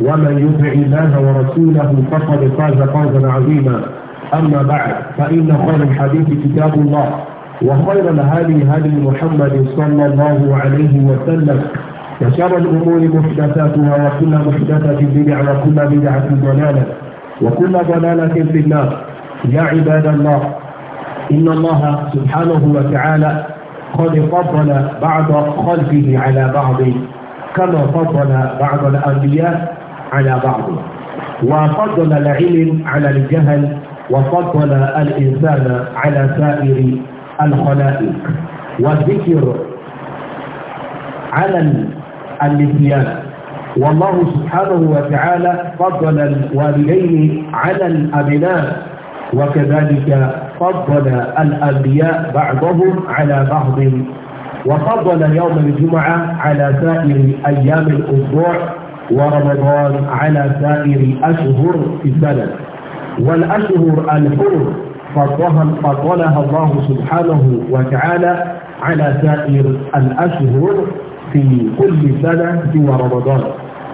ومن يطع الله ورسوله فقد فاز فوزا عظيما أما بعد فإن خير الحديث كتاب الله وخير الهدي هدي محمد صلى الله عليه وسلم وشر الأمور محدثاتها وكل محدثة بدعة وكل بدعة ضلالة وكل ضلالة في النار يا عباد الله إن الله سبحانه وتعالى قد فضل بعض خلقه على بعض كما فضل بعض الأنبياء على بعض وفضل العلم على الجهل وفضل الإنسان على سائر الخلائق والذكر على النسيان والله سبحانه وتعالى فضل الوالدين على الأبناء وكذلك فضل الأنبياء بعضهم على بعض وفضل يوم الجمعة على سائر أيام الأسبوع ورمضان على سائر الأشهر في السنة والأشهر الحر فضلها الله سبحانه وتعالى على سائر الأشهر في كل سنة سوى رمضان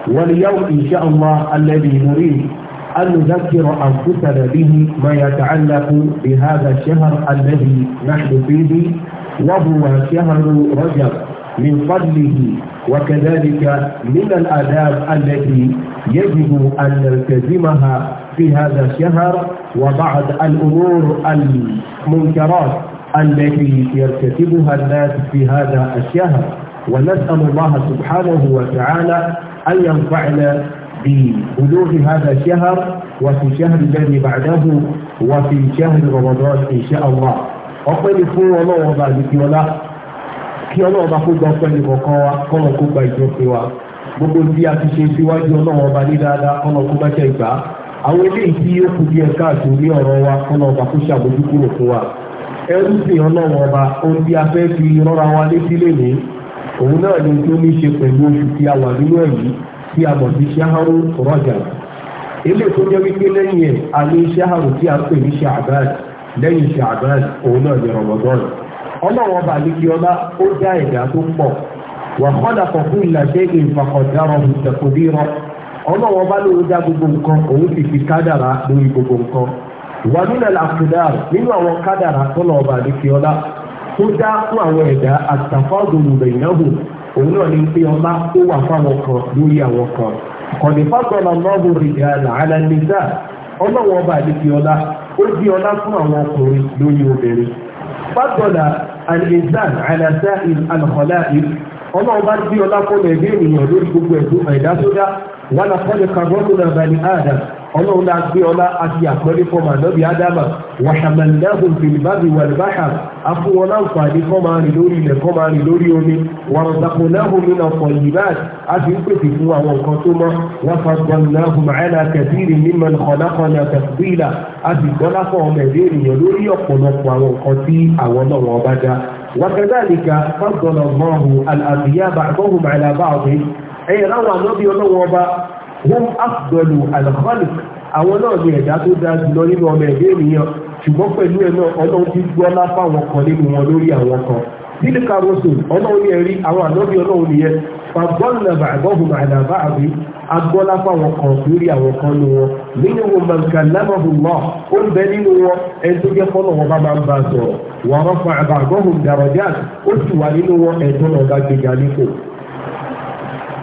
واليوم إن شاء الله الذي نريد أن نذكر أنفسنا به ما يتعلق بهذا الشهر الذي نحن فيه وهو شهر رجب من فضله وكذلك من الآداب التي يجب أن نلتزمها في هذا الشهر وبعض الأمور المنكرات التي يرتكبها الناس في هذا الشهر ونسأل الله سبحانه وتعالى أن ينفعنا ببلوغ هذا الشهر وفي الشهر الذي بعده وفي شهر رمضان إن شاء الله. أقول لكم والله وضع kí ọlọ́run bá kó gba ọpẹ́ nìkan kan wa kọ́lọ̀ kó gba ìjọpẹ́ wa gbogbo bí a ti ṣe síwájú ọlọ́run ọba ní dáadáa kọ́lọ̀ kó má jẹ́ ìgbà àwọn eléyìí tí ó kù díẹ̀ káàtó ní ọ̀rọ̀ wa kọ́lọ̀ ọba kó ṣàbójú kúrò fún wa ẹrú sí ọlọ́run ọba ohun tí a fẹ́ fi rọ́ra wa létí lénìí òun náà ni tó ní ṣe pẹ̀lú oṣù tí a wà nínú ẹ̀yí tí a mọ̀ sí ṣáhárù rọ́jà ilé tó jẹ́ wípé lẹ́yìn ẹ̀ a ní ṣáhárù tí a pè ní ṣàbáàd lẹ́yìn ṣàbáàd òun náà ni rọ̀mọ̀dọ́nù ọlọ́wọ́ bàlíkì ọlá ó dá ẹ̀dá tó pọ̀ wà kọ́dà kọ̀kún ìlàjẹ́ ìfàkọ̀dárọ̀ ìtẹ̀kùdírọ̀ ọlọ́wọ́ bá lóun dá gbogbo nǹkan òun sì fi kádàrá lórí gbogbo nǹkan wà nílẹ̀ làkúdàr nínú àwọn kádàrá tọ́lọ̀ bàlíkì ọlá tó dá fún àwọn ẹ̀dá àtàfàgùnù bẹ̀yìnáhù òun náà ní pé ọlá tó wà fáwọn kan lórí àwọn kan kọ̀dífàgbọ̀nà lọ́gùn rìjà làálà nìjà ọlá ó di ọlá fún àwọn ọkùnrin lórí obìnrin fàgbọ̀nà al-insan ala sa'il al-khalaiq ọlọ́run bá bí ọlá fọ́nà ẹgbẹ́ ènìyàn lórí gbogbo ẹ̀dùn ẹ̀dá tó dá wà lápọ́lẹ̀ kàbọ́nù náà bani adam ọlọ́run náà gbé ọlá àti àpẹẹrẹ fọmà lọ́bì ádámà wàhàmàlẹ́hùn fìlìbábì wàlúbáhà a fún wọn láǹfààní kọ́ máa rìn lórí ilẹ̀ kọ́ máa rìn lórí omi wọn ọ̀dàpọ̀ náhùn nínú ọ̀pọ̀ yìí báyìí a fi ń pèsè fún àwọn nǹkan tó mọ́ wọn fagbọ́ náhùn màálà kẹfìrì mímọ kọ̀nàkọ̀nà kẹfìrìlà a sì gbọ́ lápọ̀ ọmọ ẹ̀dẹ́ ènìyàn lórí ọ̀pọ̀lọpọ̀ àwọn nǹkan tí àwọn náà wọn bá dá وكذلك فضل الله الأنبياء ṣùgbọ́n pẹ̀lú ẹ̀ náà ọlọ́run ti gbọ́ lápá wọn kan nínú wọn lórí àwọn kan nílẹ̀ karosu ọlọ́run yẹn rí àwọn ànábì ọlọ́run nìyẹn fagbọ́nà bàbọ́hùn àdàbà àbí agbọ́lá fáwọn kan lórí àwọn kan ní wọn nínú wọn mọ̀nkà lábàbùn ó ń bẹ nínú wọn ẹni tó jẹ́ fọ́nà wọn bá máa ń bá sọ̀rọ̀ wọ́n rọ́pò àbàbọ́hùn dàrọ̀jà ó sì wà nínú wọn ẹ̀dọ́nà ọ̀gá gbẹ̀gà nípò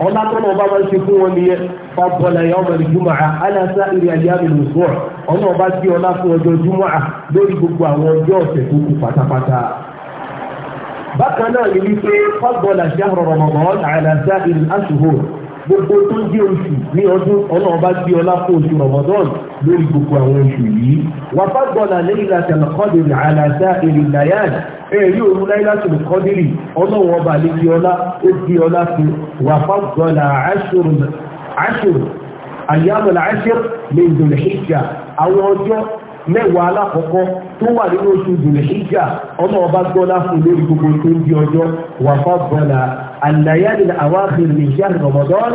ọlá tó náà bá máa ń ṣe fún wọn nìyẹn fàbọ̀là yawm al-jumu'a ala sa'iri ayyam al-usbu' ọ̀nà ọba sí ọlá fún ọjọ́ júmọ́ à lórí gbogbo àwọn ọjọ́ ọ̀sẹ̀ tó kù pátápátá. bákan náà ni wípé fàbọ̀là shahr Ramadan ala sa'iri al-ashhur gbogbo tó ń jẹ́ oṣù ní ọdún ọlọ́run bá gbé ọlá fún oṣù Ramadan lórí gbogbo àwọn oṣù yìí wàfà gbọ́dọ̀ lẹ́yìn láti àlàkọ́dìrì àlàdá èrè nàyàn èrí òun láyé láti àlàkọ́dìrì ọlọ́run ọba lè di ọlá ó di ọlá fún wàfà gbọ́dọ̀ àṣùrù àyàmọ̀lá àṣùrù lè dòlè ṣíṣà àwọn ọjọ́ mẹ́wàá alákọ̀ọ́kọ́ tó wà nínú oṣù dùnìṣíjà ọmọ ọba gbọ́lá fún lórí gbogbo tó ń di ọjọ́ wà fọ́bọ̀là àlàyé àwọn àfihàn ìṣẹ́ rọmọdọ́n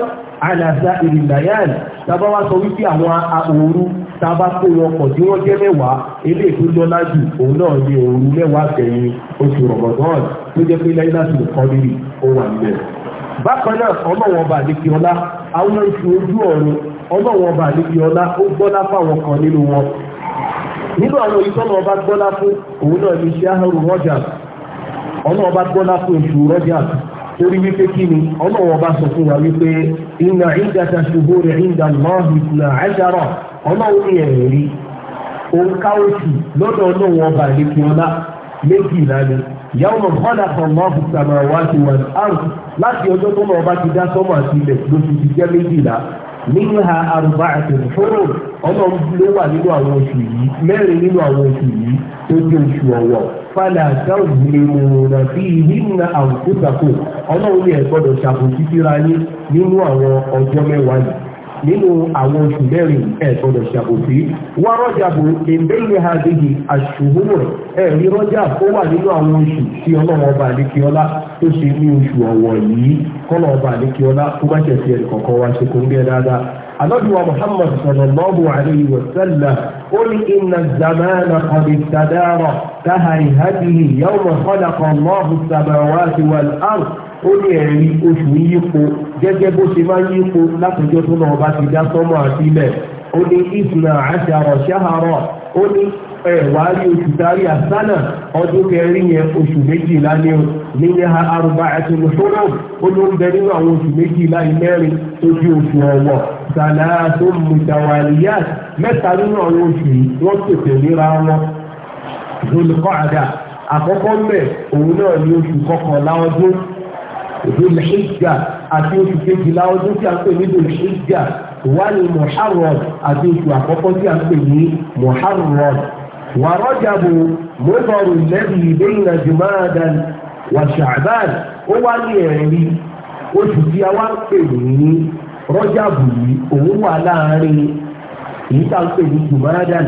àlàsà ìrìnàyàn tábà wá sọ wípé àwọn òru tábà kó wọn pọ̀ tí wọ́n jẹ́ mẹ́wàá ilé tó lọ́lá jù òun náà ní òru mẹ́wàá gbẹ̀yìn oṣù rọmọdọ́n ọlá ó gbọ́lá fáwọn kan nínú wọn nínú àwọn ìtọ́nà ọba gbọ́lá fún òun náà ní iṣẹ́ ahọ́rù rọ́jà ọ̀nà ọba gbọ́lá fún oṣù rọ́jà torí wípé kí ni ọ̀nà ọba sọ fún wa wípé iná ìdáta ṣubú rẹ̀ ìdá lọ́ọ̀hì ìlà àjára ọ̀nà òun ní ẹ̀rẹ̀ rí òǹkà oṣù lọ́dọ̀ ọ̀nà ọba àlekí ọlá méjì ìlànà yàwùmọ̀ kọ́lá kọ̀ọ̀mọ́ọ̀fù sàmà wá sí wọn láti ọjọ́ tó náà ọba ti dá sọ́mọ̀ àti ilẹ̀ lóṣù ti jẹ́ méjìlá minha arba'atun hurum ọ̀nà ló wà nínú àwọn oṣù yìí mẹ́rin nínú àwọn oṣù yìí tó jẹ́ oṣù ọ̀wọ̀ fàlà tazlimuna fihinna anfusakum ọlọ́run ní ẹ̀ gbọ́dọ̀ ṣàbòsí síra yín nínú àwọn ọjọ́ mẹ́wàá yìí nínú àwọn oṣù mẹ́rin ẹ̀ẹ́dọ̀dọ̀ ṣàbòsí wá rọ́jàbò ìbéèrè ha dìgì àṣùwò ẹ̀rí rọ́jà ó wà nínú àwọn oṣù tí ọlọ́run ọba àdékíọ́lá tó ṣe ní oṣù ọ̀wọ̀ yìí kọ́lọ̀ ọba àdékíọ́lá tó bá jẹ̀ sí kọ̀ọ̀kan wá ṣe kó ń gẹ́ dáadáa النبي محمد صلى الله عليه وسلم قل إن الزمان قد استدار كهيهته يوم خلق الله السماوات والأرض ó ní ẹ̀rí oṣù yípo gẹ́gẹ́ bó ṣe máa ń yípo látọjọ́ tó náà bá ti dá sọ́mọ́ àti ilẹ̀ ó ní ìsìnà àṣàrọ̀ ṣáhàrọ̀ ó ní ẹ̀wà rí oṣù darí àsánà ọdún kẹrin yẹn oṣù méjìlá ní o ní ní ha arúgbà ẹ̀sìn lọ́sọ́nà ó ló ń bẹ nínú àwọn oṣù méjìlá ìmẹ́rin tó di oṣù ọ̀wọ̀ sàlàyé tó mùtàwàlìyà mẹ́ta nínú àwọn oṣù yìí wọ́n tètè níra wọn lólùkọ́ àdá àkọ́kọ́ mẹ́ òun náà ní Dhul Hijja àti oṣù kejìlá ọdún tí a ń pè ní Dhul Hijja wà ní Muharram àti oṣù àkọ́kọ́ tí a ń pè ní Muharram. Wa Rajabu mọ́tọ́rù lẹ́bi bayna Jumadan wa Sha'ban ó wá ní ẹ̀rí oṣù tí a wá ń pè ní Rajabu yìí òun wà láàárín èyí tá ń pè ní Jumadan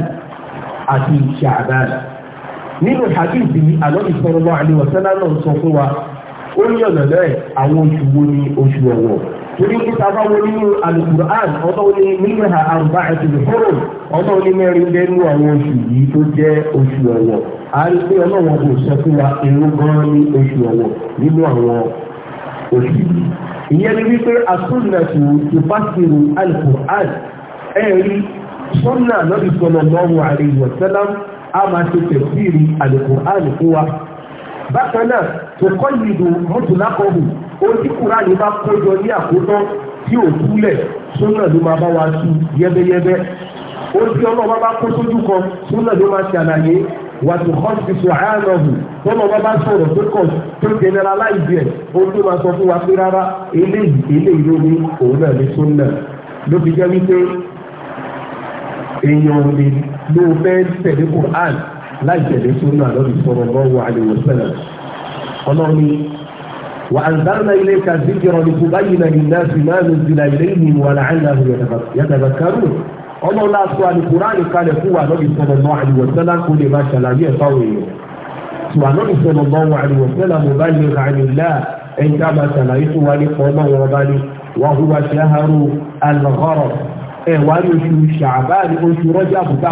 àti Sha'ban. Nínú hadith yìí àlọ́ ìfọ̀rọ̀mọ́ àlè náà sọ fún wa ó ní ọ̀nà náà àwọn oṣù wo ni oṣù ọ̀wọ̀ torí kí ta bá wọ nínú alukur'an ọ̀dọ́ ní nílẹ̀ àrùbá àti ìhóró ọ̀dọ́ ní mẹ́rin lẹ́nu àwọn oṣù yìí tó jẹ́ oṣù ọ̀wọ̀ a rí pé ọlọ́wọ́n kò sọ fún wa èrò gan ní oṣù ọ̀wọ̀ nínú àwọn oṣù yìí ìyẹn ni wípé asúnnàtù ìfásirù alukur'an ẹ̀rí sọ́nà lọ́dún sọ́nà lọ́wọ́ àríwọ̀sẹ́lá a máa ṣe tẹ̀síìrì alukur'an fún wa bákan náà tó kọ́ ìlú mọ́tòlákọ̀ọ́hù ojú kura yìí bá kójọ ní àkótán tí ò túlẹ̀ súnà ló máa bá wa tú yẹ́bẹ́yẹ́bẹ́ ojú ọlọ́wọ́ bá kó sójú kan súnà ló máa ṣàlàyé wàtí hospital àyànnàbù tọ́lọ̀ bá bá sọ̀rọ̀ tó kàn tó generalize ẹ̀ ó tó máa sọ fún wa pé rárá eléyìí eléyìí ló ní òun náà ní súnà ló fi jẹ́ wípé èèyàn lè ló fẹ́ tẹ̀lé Kùránì láì tẹ̀lé súnà lórí sọ̀rọ̀ lọ́wọ́ àlèwòsẹ́lẹ̀ ọlọ́ni wà á dáná ilé ka zikirọ̀ ní kó báyìí na nìyá sí máa ń zìlà ilé yìí wà láàyè yàtàbà kárù ọlọ́lá sọ àlùkùránì kalẹ̀ fún wa lórí sọ̀rọ̀ lọ́wọ́ àlèwòsẹ́lẹ̀ kó lè má ṣàlàyé ẹ̀fọ́ wẹ̀yẹ̀ wà lórí sọ̀rọ̀ lọ́wọ́ àlèwòsẹ́lẹ̀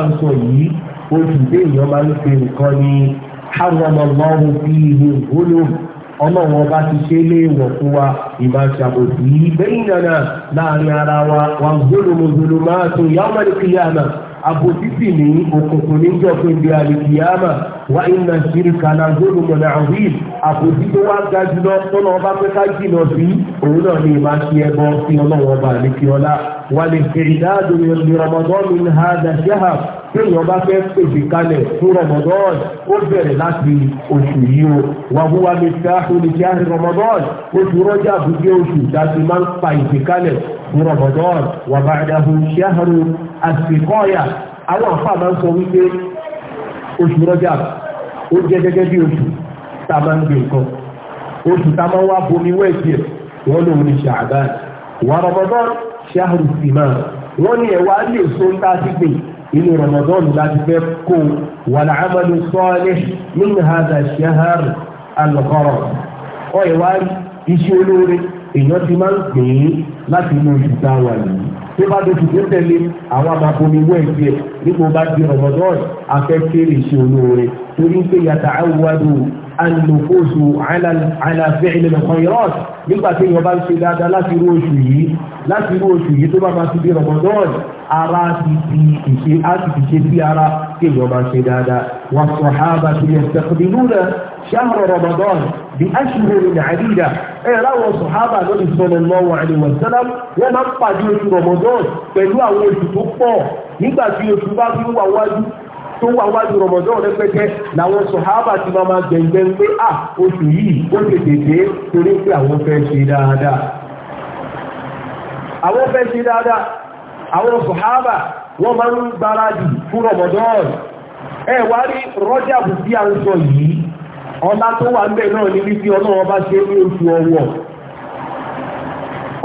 mo bá yẹ oṣù déèyàn máa ń pe nǹkan ní hàrọ̀mọ̀mọ́rù bí ihe ìgbóná ọlọ́run ọba ti ṣe lé wọ̀ fún wa ìmọ̀ àṣàbòsí bẹ́yìn náà láàrin ara wa wà gbólómọgbóló máa tún yàwó mẹ́rin kìlíàmà àbòsí sì ní òkùnkùn níjọ́ pé bí alìkìyàmà wà iná ṣìríkà làgbóòlù mọ̀nà àwìn àkòjì tó wá ga jùlọ tọ́nà ọba pẹ́ká jìnà sí òun náà ní ìmá sí ẹbọ sí ọlọ́wọ́ ọba àlekí ọlá wà lè fèrè dáàdù ní rọmọdọ́ọ̀nù ha dàṣẹ́hà téèyàn bá fẹ́ pèsè kalẹ̀ fún rọmọdọ́ọ̀n ó bẹ̀rẹ̀ láti oṣù yìí o wà wúwa lè fẹ́ oníṣẹ́ àti rọmọdọ́ọ̀n oṣù rọ́jà àbúgbé oṣù dáṣe máa ń pa ìgbékalẹ̀ fún rọmọdọ́ọ̀n wà bàdàhùn ṣẹ́hàrù àsìkọ́yà àwọn àfáà máa ń sọ wípé oṣù rọ́jà ó jẹ́ gẹ́gẹ́ bí oṣù tá a máa ń gbé nǹkan oṣù tá a máa ń wá bomi wẹ́ẹ̀kì ẹ̀ wọ́n lòun ní ṣàbáàn wà rọmọdán ṣáàrù sí máa wọ́n ní ẹ̀wà ní èso ń tá a ti inú rọmọdán láti fẹ́ kó wà láàmàlú sọ́ọ́lẹ̀ nínú hàdà ṣáàrù alùkọ́rọ̀ ọ ẹ̀wà iṣẹ́ olóore èèyàn ti máa ń gbìn láti inú oṣù tá a tó bá dojú tó tẹ̀lé àwọn amabomi wẹ̀ẹ́dì ẹ̀ nígbà bá di Ramadan afẹ́kẹ́rẹ́ ṣe olóore torí pé yàtà awùwádò alùpùpù àlàfẹ́ ìlẹ̀lẹ̀ kan yọ̀ọ́ nígbà tí ìyọba ń ṣe dáadáa láti irú oṣù yìí láti irú oṣù yìí tó bá máa ti di Ramadan ara ti fi ìṣe á ti fi ṣe sí ara tí ìyọba ń شهر رمضان بأشهر عديدة إيه رأوا الصحابة النبي صلى الله عليه وسلم وما قدوا في رمضان بلوا ويتطبوا nígbà tí oṣù bá fi wà wájú tó wà wájú rọmọdán rẹpẹtẹ làwọn sọhábà ti máa máa gbẹngbẹng pé à oṣù yìí ó tètè dé torí pé àwọn fẹ́ ṣe dáadáa àwọn fẹ́ ṣe dáadáa àwọn sọhábà wọ́n máa ń gbáradì fún rọmọdán ẹ wá rí rọjàbù tí a ń sọ yìí ọlá tó wà ńbẹ̀ náà ni wípé ọlọ́wọ́ bá ṣe ní oṣù ọ̀wọ̀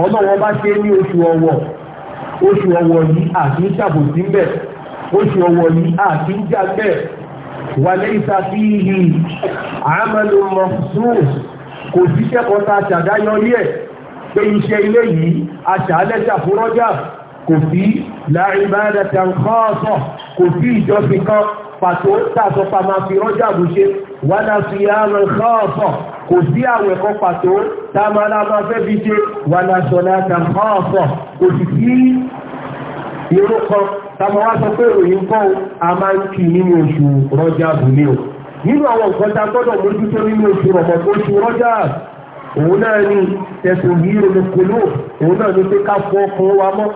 ọlọ́wọ́ bá ṣe ní oṣù ọ̀wọ̀ oṣù ọ̀wọ̀ yìí àti ń ṣàbòsí ńbẹ̀ oṣù ọ̀wọ̀ yìí àti ń jà ńbẹ̀ wàlẹ́ ìsàfihì àmàlù mọ̀sùn kò síṣẹ́ kan tá a ṣàdáyọ ní ẹ̀ pé iṣẹ́ ilé yìí aṣàálẹ̀ ṣàfúrọ́jà kò sí láìbáradà tàǹkọ́ọ̀sọ̀ kò sí ìjọsìn kan pàtó tàṣọpamọ́ fi rọ́jà bù ṣe wàlá fi àrùn káàfọ̀ kò sí àwẹ̀ kan pàtó tá a máa lábá fẹ́ fi ṣe wàlá sọ̀lá tàn káàfọ̀ kò sì sí irú kan tàbí wá sọ pé òyìn kọ́ a máa ń kí nínú oṣù rọ́jà bùnmí o nínú àwọn nǹkan tá gbọ́dọ̀ mójútó nínú oṣù rọ̀mọ̀ tó oṣù rọ́jà òun náà ni tẹ̀sùn yìí olùkúlù òun náà ni pé ká fọ ọkàn wa mọ́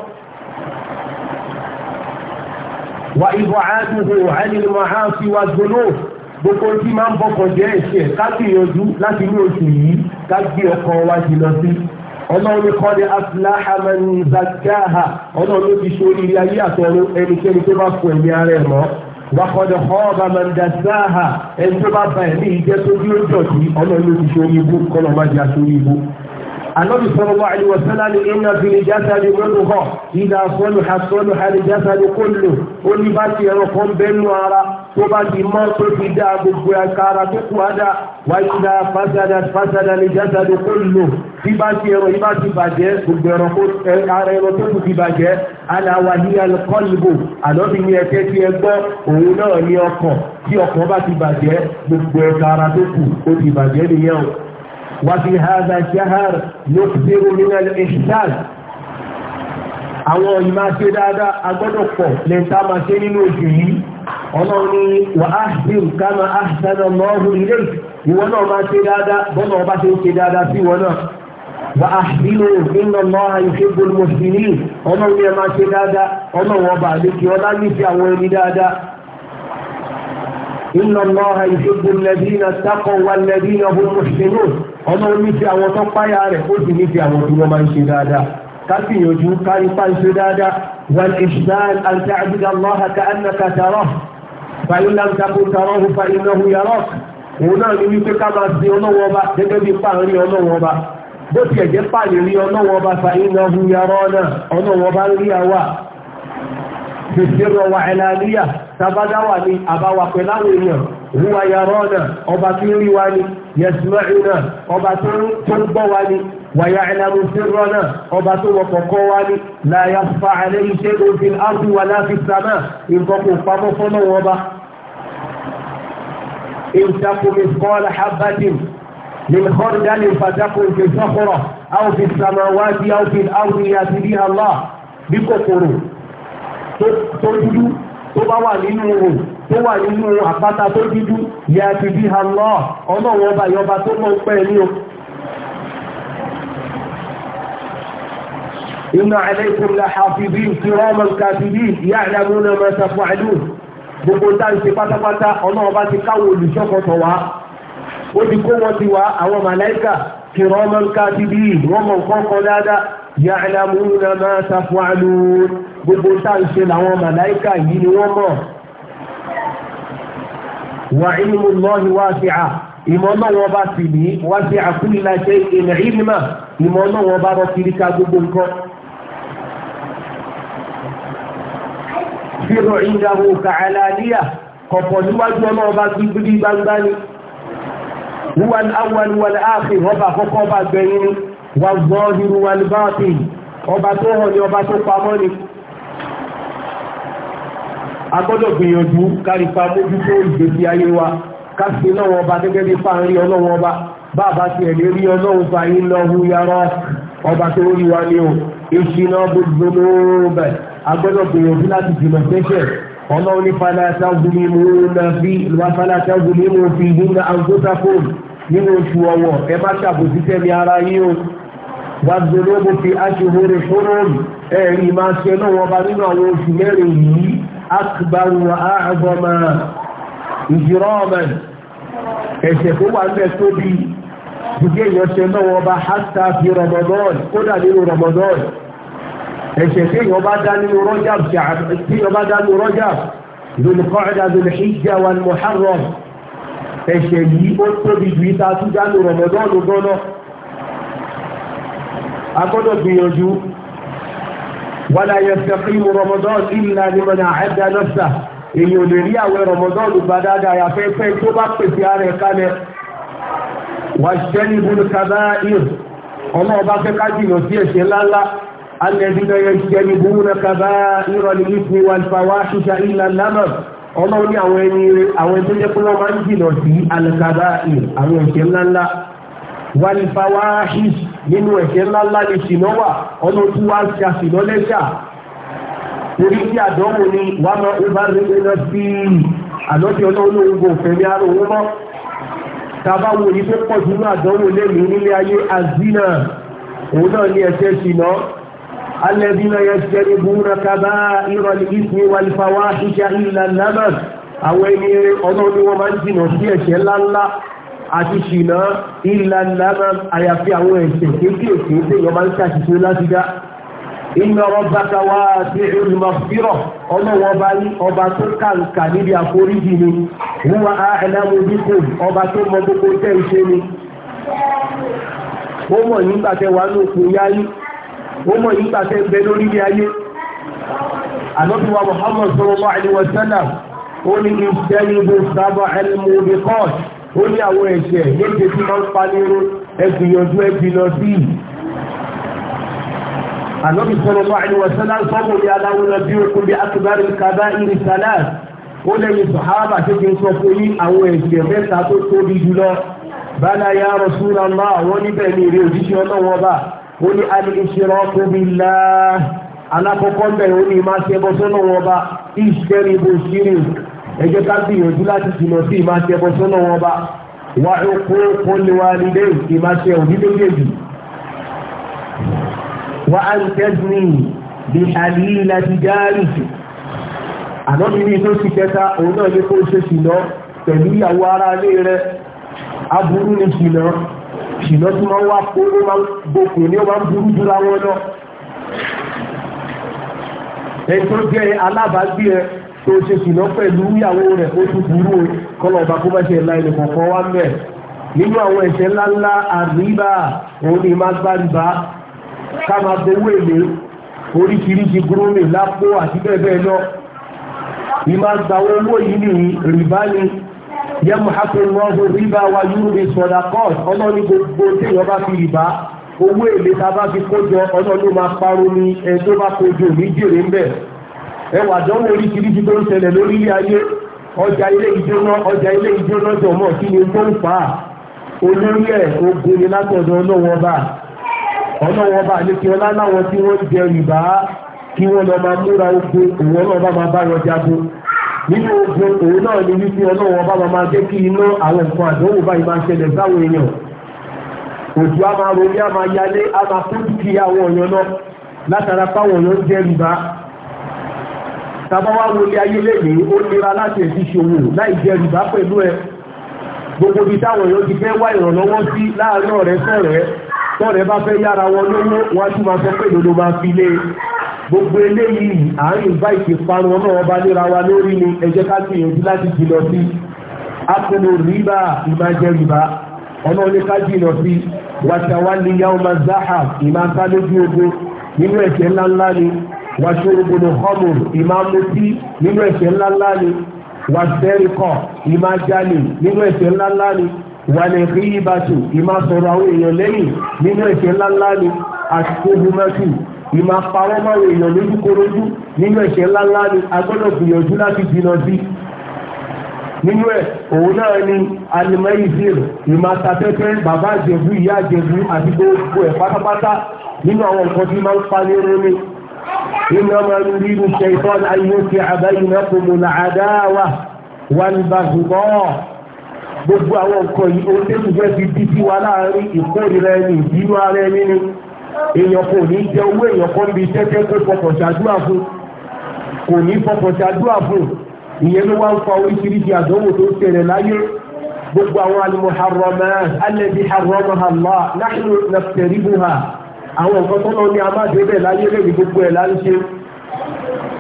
wà ìbọ̀ àádùn òhánilmọ̀ àáfi wa gbólóò gbogbo tí máa ń bọ́kọ̀ jẹ́ ẹ̀ṣẹ̀ ká gbìyànjú láti ní oṣù yìí ká gbé ọkọ̀ wa jìnnà sí ọlọ́run kọ́ ni afláhà máa ń zàkáhà ọlọ́run ló ti ṣe oríire ayé àtọ̀run ẹnikẹ́ni tó bá fún ẹ̀mí ara ẹ̀ mọ́ wakọ̀dọ̀ ọba mandasáhà ẹni tó bá ba ẹ̀mí ìjẹ́ tó bí ó jọ̀dí ọlọ́run ló ti ṣe orí ibú kọ́lọ́ máa jẹ́ aṣọ orí ibú. النبي صلى الله عليه وسلم إن في الجسد مضغة إذا صلح صلح الجسد كله ó ní bá ti ẹ̀rọ kan bẹ́nu ara tó bá ti mọ́ tó fi dá gbogbo ẹ̀ka ara tó kù ádá wáyé dá fásádà fásádà lè jásádà kó lò tí bá ti ẹ̀rọ yìí bá ti bàjẹ́ gbogbo ẹ̀rọ ara ẹ̀rọ tó kù ti bàjẹ́ aláwa ní alkọ́lìbò àlọ́bí ní ẹ̀kẹ́ tí ẹ gbọ́ òun náà ní ọkàn tí ọkàn bá ti bàjẹ́ gbogbo ẹ̀ka ara tó kù ó ti bàjẹ́ nìyẹn o وفي هذا الشهر يكثر من الإحسان àwọn ìmá ṣe dáadáa agbọ́dọ̀ pọ̀ lè ta máa ṣe nínú oṣù yìí ọ̀nà ni wà á sí kama á sẹ́nà lọ́rù ilé ìwọ náà máa ṣe dáadáa bọ́nà ọba ṣe ń ṣe dáadáa sí ìwọ náà wà á sílò nínú lọ́ha ìṣègùn mùsùlùmí ọ̀nà ni ẹ máa ṣe dáadáa ọ̀nà wọn bá lè kí ọlá nífẹ̀ẹ́ àwọn ẹni dáadáa inna allaha yuhibbu alladhina taqaw walladhina hum muhsinun ọmọ onífẹ́ àwọn tó páyà rẹ̀ ó sì nífẹ́ àwọn tó wọ́n máa ń ṣe dáadáa káfíyànjú kárípá ń ṣe dáadáa wal ihsan an ta'budu Allaha ka'annaka tarahu fa in lam takun tarahu fa innahu yarak òun náà ní wípé ká máa sin ọlọ́wọ́ ọba gẹ́gẹ́ bí páàrin ọlọ́wọ́ ọba bó tiẹ̀ jẹ́ páàrin rí ọlọ́wọ́ ọba fa innahu yarana ọlọ́wọ́ ọba rí àwa fèsì rọwà ẹ̀làníyà tàbádáwà huwa yarana ọba tí ń rí wa ni yasma'una ọba tó ń gbọ́ wa ni wa ya'lamu sirrana ọba tó wọ kọ̀kọ́ wa ni la yakhfa alayhi shay'un fil ardi wala fis sama nǹkan kò pamọ́ fọ́nà wọn bá. in taku mithqala habbatin min khardalin fatakun fi sakhra aw fi samawati aw fil ardi ya'ti biha Allah bí kòkòrò tó dúdú tó bá wà nínú òun tó wà nínú àpáta tó dúdú yà ti bí ha lọ ọlọ́run ọba ìyọba tó mọ́ pẹ́ ní o inna alaykum la hafizin kiraman katibin ya'lamuna ma taf'alun gbogbo dáńsí pátápátá ọlọ́ọ̀bá ti káwọ olùṣọ́kọ̀tọ̀ wá ó ti kó wọn ti wá àwọn màláìkà kiraman katibin wọ́n mọ̀ nǹkan kan dáadáa ya'lamuna ma taf'alun gbogbo dáńsí làwọn màláìkà yìí ni wọ́n mọ̀ wà الله واسع wasi'a ìmọ̀ náà wọn bá sì ní wasi'a kulla shay'in ilma ìmọ̀ náà wọn bá bọ́ kiri ká gbogbo nǹkan. Fírò ìdáhùn ka'alaniya kọ̀pọ̀ níwájú ọlọ́ọ̀bá gbígbí gbangba ni. Wúwa ni àwọn ni ọba àkọ́kọ́ ọba gbẹ̀yìn ni. Wà gbọ́ ọdún wọn bá ọ̀sìn. Ọba tó hàn ní ọba tó pamọ́ ni a gbọ́dọ̀ gbìyànjú kárípa mójútó ìgbésí ayé wa káṣe lọ́wọ́ ọba gẹ́gẹ́ bí fáńrí ọlọ́wọ́ ọba bá a bá ti ẹ̀lẹ́ rí ọlọ́run fa yín lọ́hu yàrá ọba tó rí wa ni o ìṣìnà gbogbo bẹ̀ a gbọ́dọ̀ gbìyànjú láti jìnà sẹ́sẹ̀ ọlọ́run ní falata gbìmù fi falata gbìmù fi nínú àǹkóṣàfóònù nínú oṣù ọ̀wọ̀ ẹ má ṣàbòsí tẹ́mi ara yín o wàgbọ́dọ̀ bó fi aṣèwòrè fóró ẹ̀rí máa akbar wa a'zama ìjìrọ́ọ̀mẹ̀ ẹ̀ṣẹ̀ tó wà ń bẹ tóbi ìdíje ìyọ̀ṣẹ́ náà wọ́n bá hátà fi rọmọdọ́ọ̀n kódà nínú rọmọdọ́ọ̀n ẹ̀ṣẹ̀ tí yọ bá dá nínú rọ́jà zulqa'da zulhijja wal muharram ẹ̀ṣẹ̀ yìí ó tóbi ju ìta tún dá nínú rọmọdọ́ọ̀n gbọ́nà wala yastaqimu Ramadan illa liman àádá lọ́sà èyí ò lè rí àwẹ̀ Ramadan gbà dáadáa yàfẹ́ pẹ́ tó bá pèsè ara ẹ̀ kalẹ̀ wàṣẹ́ni bùnkábá ir ọmọ ọba fẹ́ ká jìnà sí ẹ̀ṣẹ̀ ńláńlá alẹ́dínà yẹ̀ṣẹ́ni bùnkábá ìrọ̀lì ìfún ìwàlùfàwà ṣíṣà ìlà lámà ọmọ ní àwọn ẹni tó jẹ́ pé wọ́n máa ń jìnà sí alẹ́kábá ir àwọn ẹ̀ṣẹ̀ ńláńlá wàlìfàwáhì nínú ẹ̀ṣẹ̀ ńláńlá ni ṣìnà wà ọ̀nà tí wàá ṣe àṣìnà lẹ́ṣà torí tí àdánwò ni wàá máa ń bá rẹ̀ lọ sí àlọ́jọ́ ọlọ́run kò fẹ̀mí ara òun mọ́ tàbá yìí tó pọ̀ jù àdánwò lẹ́mìí nílé ayé azina òun náà ni ẹ̀ṣẹ̀ ṣìnà alẹ́bínà yẹn ṣẹ́ni búrúnà kábà ìrọ̀lì ìsìn wàlìfàwáhì ṣe ìlànà àwọn ẹni ọlọ́run àti ṣìnà ìlànà àyàfi àwọn ẹ̀sẹ̀ kéékèèké tí èèyàn máa ń ṣàṣìṣe láti dá iná ọba káwá sí olùmọ̀fírọ̀ ọlọ́wọ́ ní ọba tó kàǹkà níbi àforíjì ni wúwa àìlámú dípò ọba tó mọ gbogbo tẹ́ ìṣe ni ó mọ̀ nígbà wà ní òkú yáyí ó mọ̀ nígbà bẹ lórí ilé ayé àlọ́bíwá Muhammad sallallahu alaihi wa sallam ó ní ìṣẹ́ni bó sábà ẹlmú bí ó ní àwọn ẹ̀ṣẹ̀ méje tí wọ́n ń paléró ẹ̀sùn yọjú ẹbí lọ sí i. ànábì sọ̀rọ̀ bá àyẹ̀wò sọ́lá sọ́mù ní aláwọ̀ náà bí okùn bí akébárì kàdá irin sàlát ó lẹ́yìn sàhábà tó ti ń sọ pé ní àwọn ẹ̀ṣẹ̀ mẹ́ta tó tóbi jùlọ bala ya Rasulullah àwọn níbẹ̀ ní eré òjíṣẹ́ ọlọ́wọ́ bá ó ní al-ishraku ẹ jẹ́ ká gbìyànjú láti jùlọ sí ìmáṣẹ́ bọ́ sọ́nà wọn bá wá okó kọ́lé wa nílé ìmáṣẹ́ òní méjèèjì wá á ń tẹ́sí bí àlìyí láti jáàrì àná mi ní tó ti kẹta òun náà ní kó ṣe ṣìnà pẹ̀lú ìyàwó ara ilé rẹ̀ aburú ni ṣìnà ṣìnà tí wọ́n wá kó ló máa ń gbòkè ní ó ń burú jùlọ wọn lọ ẹni jẹ́ alábàágbé ẹ tó ṣe ṣìnà pẹ̀lú ìyàwó rẹ̀ ó tún burú kọ́lọ̀ ọba kó bá ṣe ẹ̀la ẹnì kọ̀ọ̀kan wá mẹ́ nínú àwọn ẹ̀ṣẹ̀ ńláńlá àríbá òun ni máa gbàgbà ká máa gbowó èlé oríṣiríṣi gúrómì lápò àti bẹ́ẹ̀ bẹ́ẹ̀ lọ ìmá gbàwó owó yìí ní rìbá ni yẹ́mù hapẹ́lọ́gbọ̀ rìbá wa yúrù ní sọ̀dà kọ́ọ̀t ọlọ́ni gbogbo tí bá fi rìbá owó èlé ta bá fi kójọ ọlọ́ni máa parun ní ẹni tó bá kójọ ní jèrè ń bẹ̀ ẹwà àdánwò oríṣiríṣi tó ń ṣẹlẹ̀ lórí ilé ayé ọjà ilé ìjóná ọjà ilé ìjóná jọ mọ̀ kí ni tó ń fà á olórí ẹ̀ ogun ni látọ̀dọ̀ ọlọ́wọ́ bá ọlọ́wọ́ bá ní kí ọlá láwọn tí wọ́n jẹ rìbá kí wọ́n lọ máa múra ogun òun ọlọ́wọ́ bá máa bá jagun nínú ogun òun náà ni wípé ọlọ́wọ́ bá máa jẹ́ kí iná àwọn nǹkan àdánwò báyìí máa ṣẹlẹ̀ èèyàn òjò a máa ronú a máa yálé tàbá wá wọlé ayé lẹ́yìn ó nira láti ẹ̀sí ṣòwò láì jẹ rìbá pẹ̀lú ẹ gbogbo ibi táwọn èèyàn ti fẹ́ wá ìrànlọ́wọ́ sí láàárín ọ̀rẹ́ sọ̀rẹ́ tọ́rẹ́ bá fẹ́ yára wọn lówó wọn tún máa sọ pé ìdodo máa fi lé gbogbo eléyìí àárín bá ìṣèparun náà ọba léra wa lórí ni ẹ jẹ́ ká gbìyànjú láti jìnà sí akọlù rìbá ìmájẹ rìbá ọ̀nà ní ká jìnà sí wàtàwálì yawma zahab ìmáta lójú ogun nínú ẹ̀ṣẹ̀ ńláńlá ni wàṣọ́rọ̀gbọ̀nà homer ìmáàmùtí nínú ẹ̀ṣẹ̀ ńláńlá ni wàṣẹ́ríkọ̀ ìmáàjálè nínú ẹ̀ṣẹ̀ ńláńlá ni wàlẹ̀kí ìbátù ìmáàsọ̀rọ̀ àwọn èèyàn lẹ́yìn nínú ẹ̀ṣẹ̀ ńláńlá ni àtìkóhùnmẹ́kù ìmáàpàwọ́máwò èèyàn lójúkorojú nínú ẹ̀ṣẹ̀ ńláńlá ni agbọ́dọ̀ gbìyànjú láti jìnà sí nínú ẹ̀ òun náà ni alimẹ́yìísìr ìmọ̀tàtẹ́tẹ́ bàbá àjẹ̀bú ìyá àjẹ̀bú àti gbogbo ẹ̀ pátápátá nínú àwọn nǹkan tí máa ń pa ní rẹ́mi إنما يريد الشيطان أن يوقع بينكم العداوة والبغضاء gbogbo àwọn nǹkan yìí ó tẹ́lú jẹ́ fi bí wa láàrin ìkórìíra ẹni ìbínú ara ẹni ni èèyàn kò ní jẹ owó èèyàn kan bí tẹ́tẹ́ pé fọkàn ṣàdúrà fún kò ní fọkàn ṣàdúrà fún ìyẹn ló wá ń fa oríṣiríṣi àdánwò tó ń láyé gbogbo àwọn nǹkan tó lọ ní abájẹ́bẹ̀ láyé lẹ́bi gbogbo ẹ̀ láńṣe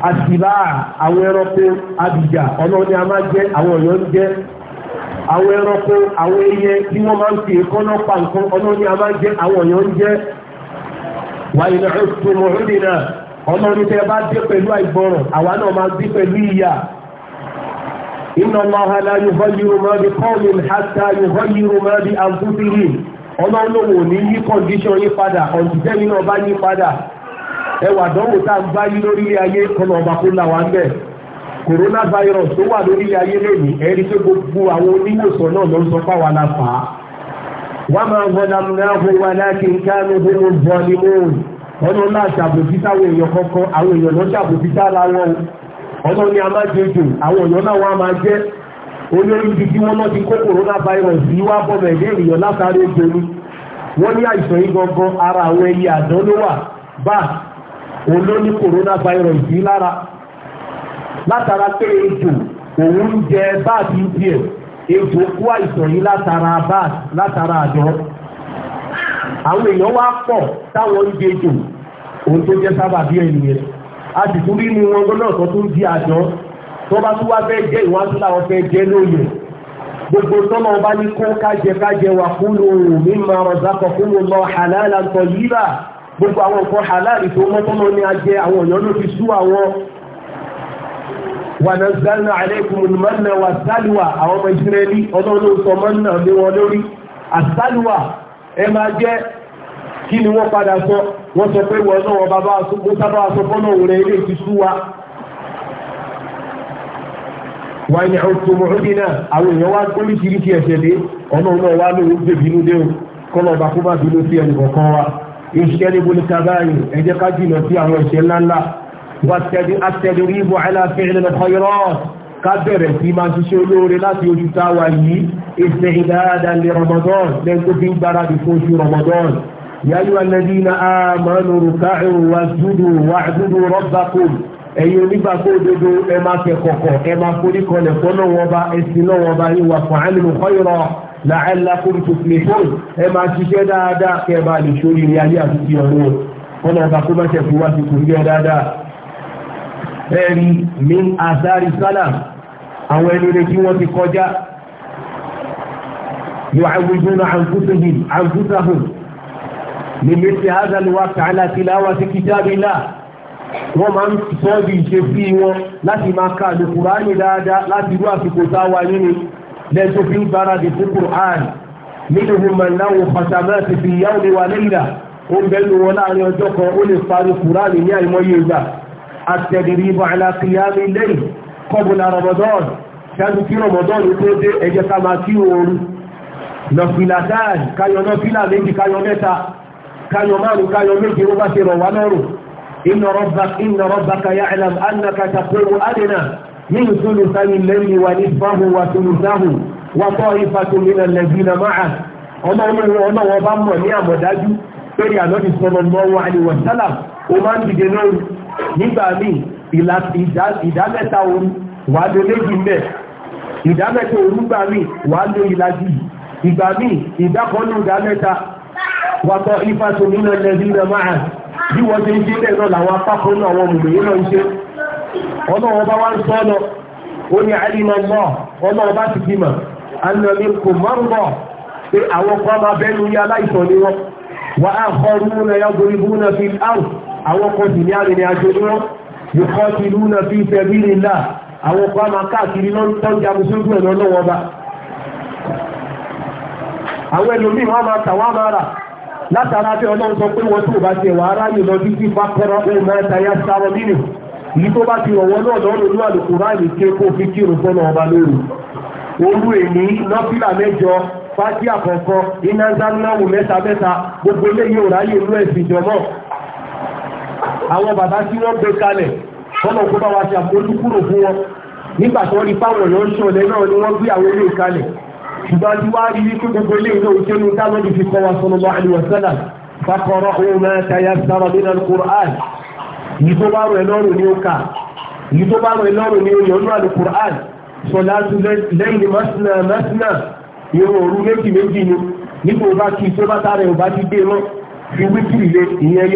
àtìbá àwọn ẹranko abìjà ọlọ́run ní amájẹ́ àwọn ọ̀yọ́ ń jẹ́ àwọn ẹranko àwọn ẹyẹ tí wọ́n máa ń fi èkánná pa nǹkan ọlọ́run ní amájẹ́ àwọn ọ̀yọ́ ń jẹ́ wàyí ní ọ̀tún mọ̀ọ́dún náà ọlọ́run tẹ́ bá dé pẹ̀lú àìgbọràn àwa náà máa dé pẹ̀lú ìyà inna Allaha la yughayyiru ma biqawmin hatta yughayyiru ma bi anfusihim wọ́n máa ń lòwò ní yí kọ́ndíṣọ́ yí padà ọ̀dùnjẹ́mi náà bá yí padà ẹwà dánwò tá ń bá yí lórílẹ̀ ayé kọ́nà ọba kó là wá ń bẹ̀ coronavirus tó wà lórílẹ̀ ayé lónìí ẹ̀rí pé gbogbo àwọn oníwòsàn náà ló ń sọ fáwa la fà wọ́n máa ń gbọ́dọ̀ náà wa láti ń ká ló fún un bọ́ ni mò ń ọ̀nà náà ṣàbòsíta àwọn èèyàn kọ̀ọ̀kan olórí ibi tí wọ́n náà ti kó corona virus yìí wá bọ́ mẹ́lẹ́ ènìyàn látàrí ògbóni wọ́n ní àìsàn yìí gangan ara àwọn ẹyẹ àdán ló wà bá olóní corona virus yìí lára látara pé ejò òun ń jẹ báàtì upl ejò kó àìsàn yìí látara báàtì látara àdán àwọn èèyàn wá pọ̀ táwọn ń jẹ ejò òun tó jẹ́ sábàbí ẹ̀ nìyẹn a sì tún rí inú wọn náà tó tún di àdán tó bá tún wá fẹ́ jẹ́ ìwájú làwọn fẹ́ jẹ́ lóye gbogbo tọ́nà ọba ní kó kájẹ kájẹ wà kúlù mimma razaqakum Allah halalan tayyiba gbogbo àwọn nǹkan halal tó mọ́tọ́nà ní ajẹ àwọn èèyàn ló fi sú àwọn wa nazzalna alaykumul manna wassalwa àwọn ọmọ ìsírẹ́lì ọlọ́run sọ mọ́nà lé wọn lórí àsálùwà ẹ máa jẹ́ kí ni wọ́n padà sọ wọ́n sọ pé wọ́n náà wọ́n bá bá sọ wọ́n ní ọ̀tún mọ̀ọ́dín náà àwọn èèyàn wá oríṣiríṣi ẹ̀ṣẹ̀ dé ọ̀nà náà wá lóun gbé bínú dé o kọ́lọ̀ bá kó bá bínú sí ẹnì kọ̀ọ̀kan wa iṣẹ́ ní bóni kábàáyì ẹ ká jìnà sí àwọn ẹ̀ṣẹ̀ ńláńlá wà tẹ́lẹ̀ àtẹ́lẹ̀ rí ibò aláfẹ́ ká bẹ̀rẹ̀ ẹ̀yin onígbàgbọ́ òdodo ẹ máa fẹ́ kọ̀kọ̀ ẹ máa forí kọlẹ̀ fọ́ náà wọ́n bá ẹsìn náà wọ́n bá yín wà fún àmì ìkọ́yọ̀rọ̀ la'allakum tuflihun ẹ máa ṣiṣẹ́ dáadáa kẹ́ ẹ bá lè sórí ilé ayé àti ti ọ̀run wọn náà bá kó bá ṣẹ̀kú wá sí kùnjẹ́ dáadáa. ẹ̀rí min azari salam àwọn ẹni rẹ̀ tí wọ́n ti kọjá yóò àwùjọ́nà àǹfùsàhùn ní mẹ́sì hazal wọ́n máa ń sọ́ọ̀dì ìṣe sí wọn láti máa ka àlùkùránì dáadáa láti irú àsìkò tá a wà nínú lẹ́tọ́ fi ń gbáradì fún kùránì nínú ìmọ̀láwò pàtàkì fi ìyá òní wa lẹ́yìnlá ó ń bẹ́nu wọn láàrin ọjọ́ kan ó lè parí kùránì ní àìmọye ìgbà àtẹ̀dìrí ibà alákìyàmí lẹ́yìn kọ́bùnà rọmọdọ́ọ̀nù ṣáájú kí rọmọdọ́ọ̀nù tó dé ẹ̀jẹ̀ ká máa kí oorun lọ́fìlà dáàdì káyọ̀ náà fílà méjì káyọ̀ mẹ́ta káyọ̀ márùn-ún káyọ̀ méje ó bá ṣe rọ̀ wá lọ́rùn إن ربك إن ربك يعلم أنك تقوم أدنى من ثلثي الليل ونصفه وثلثه وطائفة من الذين معه ọmọ olóòrò ọmọ wọn bá mọ̀ ní àmọ̀dájú pẹ̀lú àlọ́dì sọ́nà mọ́wọ́ àníwọ̀sálà o máa ń dìde lóru nígbà míì ìdámẹ́ta òru wà ló méjì mẹ́ ìdámẹ́ta òru gbà míì wà ló ìlàjì ìgbà míì ìdákọ́nù ìdámẹ́ta wàtọ̀ ifásomínà lẹ́bí rẹ̀ máa bí wọ́n ṣe ń ṣe bẹ́ẹ̀ náà làwọn apákó náà àwọn mùmìnì náà ń ṣe ọlọ́wọ́ bá wá ń sọ lọ ó ní alimọ̀mọ́ ọlọ́wọ́ bá ti fi mọ̀ anàmí kò mọ́rùnmọ́ pé àwọn kan máa bẹ́ẹ̀ lórí aláìsàn ni wọ́n wà á kọrú náà yá gorí bú fi áwù àwọn kan sì ní arìnrìn àjò ni wọ́n yòókọ́ ti lú náà fi fẹ̀rí ní là àwọn kan máa káàkiri lọ́jà mùsùlùmí ọlọ́wọ́ bá àwọn ẹlòmíì máa tà máa rà látara bí ọlọ́run sọ pé wọn tó bá ti wà aráyè lọ títí bá kọ́rọ́ pé máa ta yá sáwọ nínú yìí tó bá ti rọ̀wọ́ náà lọ́rùn ní àlùkò ráàlì ké kó fi kírun fọ́nà ọba lóru òru èní nọ́fìlà mẹ́jọ fájí àkọ́kọ́ iná zánáwó mẹ́ta mẹ́ta gbogbo eléyìí ò ráyè lú ẹ̀sìn jọmọ́ àwọn bàbá tí wọ́n gbé kalẹ̀ kọ́nà kó bá wa ṣàkóso kúrò fún wọn nígbà tí wọ́n rí fáwọn èèyàn ṣùgbọ́n tí wàá rí wípé gbogbo ilé ìlú òṣèlú táwọn fi kọ́ wa sọ́nà lọ́wọ́ àlùwọ̀ sẹ́nà fakọ̀rọ̀ òun máa tayà sára nínú alukur'an yìí tó bá rọ̀ ẹ́ lọ́rùn ní ó kà yìí tó bá rọ̀ ẹ́ lọ́rùn ní ó yọ̀ nínú alukur'an sọ̀láṣù lẹ́yìn mọ́sánà mọ́sánà yóò rú méjì méjì ni nígbà ó kí tó bá tààrẹ̀ ó ti dé lọ fi wíkìrì lé ìyẹn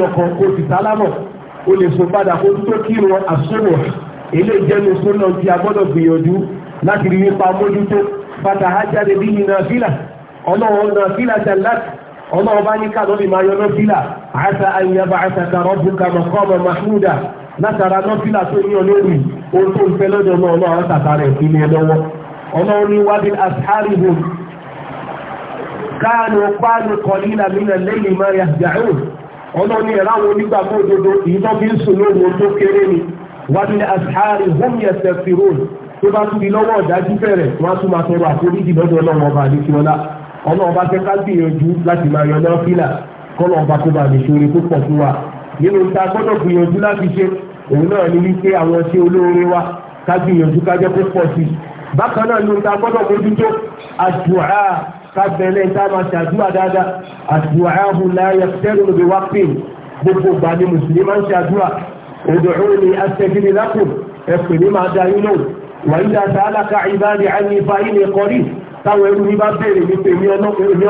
yọkan bàtà ajáde bí i náà fílà ọlọ́wọ́ náà fílà jàláàtì ọlọ́wọ́ bá ní kàdọ́ lè máa yọ náà fílà àṣà àyìnbá àṣà kàrọ́ bùkà mọ̀kọ́mọ̀ mahmuda látara náà fílà tó ní olórí ohun tó ọlọ́wọ́ tàtàrà ni wábí asáríhù yẹ̀ tó bá tún di lọ́wọ́ ọ̀dájú fẹ̀rẹ̀ wọ́n á tún máa tọrọ àforíjì lọ́dọ̀ ọlọ́run ọba àdékíọ́lá ọlọ́run ọba fẹ́ ká gbìyànjú láti máa yan náà fílà kọ́lọ́ ọba tó bá lè ṣoore tó pọ̀ fún wa nínú ta gbọ́dọ̀ gbìyànjú láti ṣe òun náà ní wípé àwọn ṣe olóore wa ká gbìyànjú ká jẹ́ kó pọ̀ sí i bákan náà nínú ta gbọ́dọ̀ mójútó àdùá ká wàyídà sàálàkà ìbáàdì àmì ìfà ilẹ̀ kọrí táwọn ẹrú mi bá béèrè mi pé èmi